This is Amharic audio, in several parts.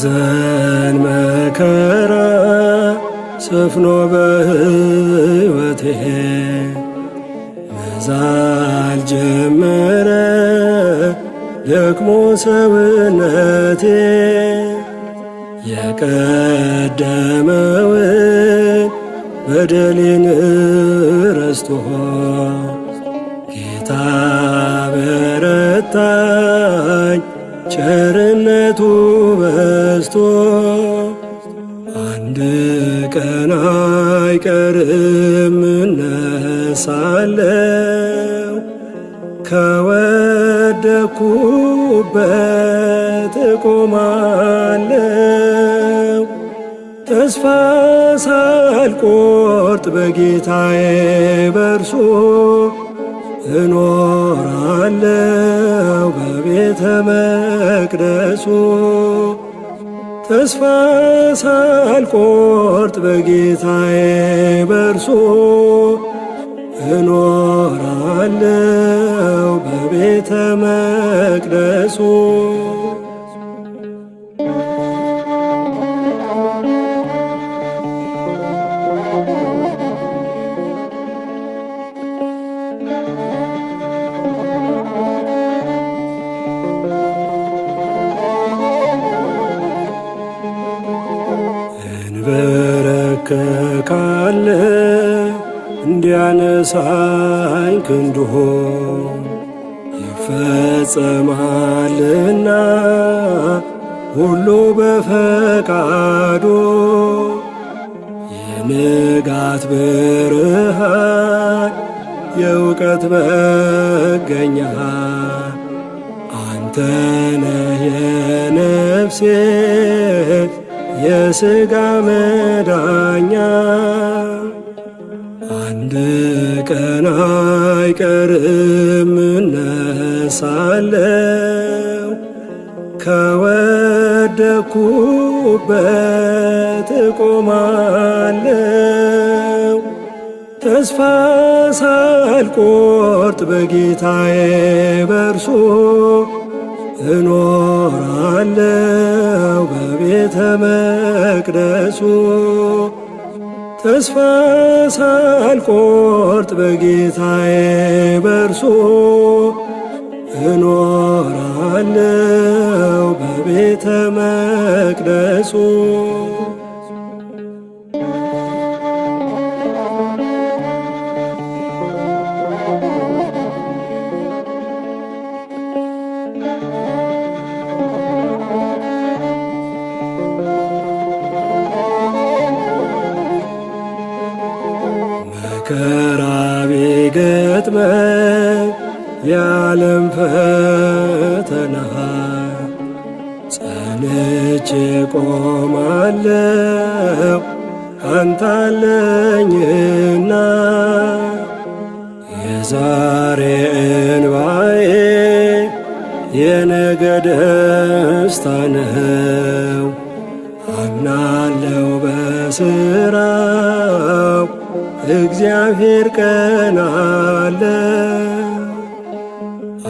ሐዘን መከራ ሰፍኖ በሕይወቴ መዛል ጀመረ ደክሞ ሰውነቴ የቀደመውን በደሌን ረስቶ ጌታ በረታኝ ቸርነቱ በ ተነስቶ አንድ ቀን አይቀርም እነሳለው ከወደኩበት እቆማለሁ ተስፋ ሳልቆርጥ በጌታዬ በርሶ እኖራለው በቤተ መቅደሱ ተስፋ ሳልቆርጥ በጌታዬ በርሶ እኖራለው በቤተ መቅደሱ ቢያነሳኝ ክንድሆ ይፈጸማልና ሁሉ በፈቃዱ የንጋት ብርሃን የእውቀት መገኛ አንተነ የነፍሴ የሥጋ መዳኛ አንድ ቀን አይቀርም እነሳለሁ ከወደኩበት እቆማለሁ ተስፋ ሳልቆርጥ በጌታዬ በርሶ እኖራለሁ በቤተ መቅደሱ ተስፋ ሳልቆርጥ በጌታዬ በርሶ እኖራለው በቤተ መቅደሱ ከራቤ ገጥመ የዓለም ፈተና ጸንቼ ቆማለው አንታለኝና የዛሬ እንባዬ የነገ ደስታ ነው። አምናለው በስራ እግዚአብሔር ቀን አለ፣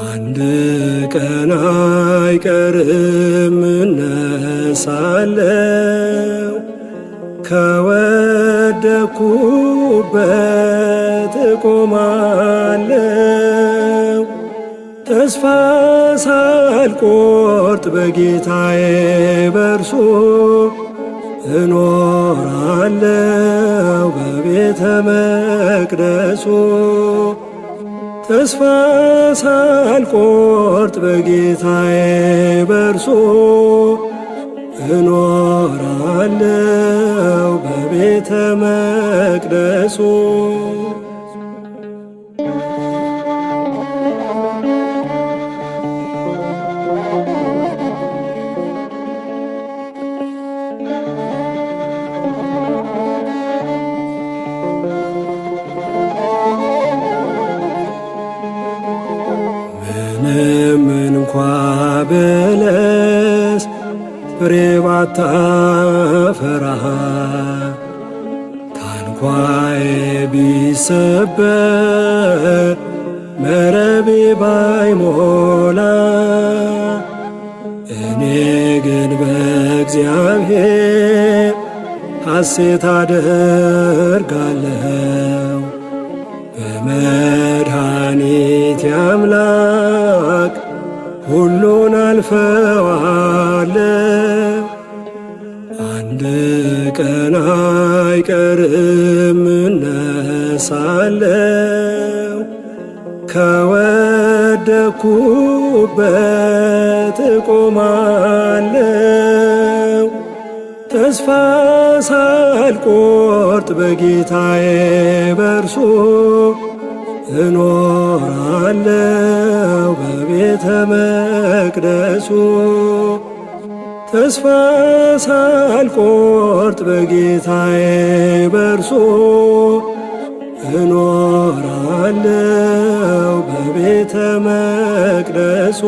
አንድ ቀን አይቀርም እነሳለው ከወደኩበት እቆማለሁ ተስፋ ሳልቆርጥ በጌታዬ በርሶ! እኖራለው በቤተ መቅደሱ ተስፋ ሳልቆርጥ በጌታዬ በርሶ እኖራለው በቤተ መቅደሱ አታፈራ ታንኳዬ ቢሰበር መረቤ ባይሞላ እኔ ግን በእግዚአብሔር ሐሴት አደርጋለሁ በመድኃኒቴ አምላክ ሁሉን አልፈዋለሁ። አንድ ቀን አይቀርም እነሳለሁ ከወደኩበት እቆማለሁ ተስፋ ሳልቆርጥ በጌታዬ በርሱ እኖራለሁ በቤተ መቅደሱ ተስፋ ሳልቆርጥ በጌታዬ በርሶ እኖራለው በቤተ መቅደሱ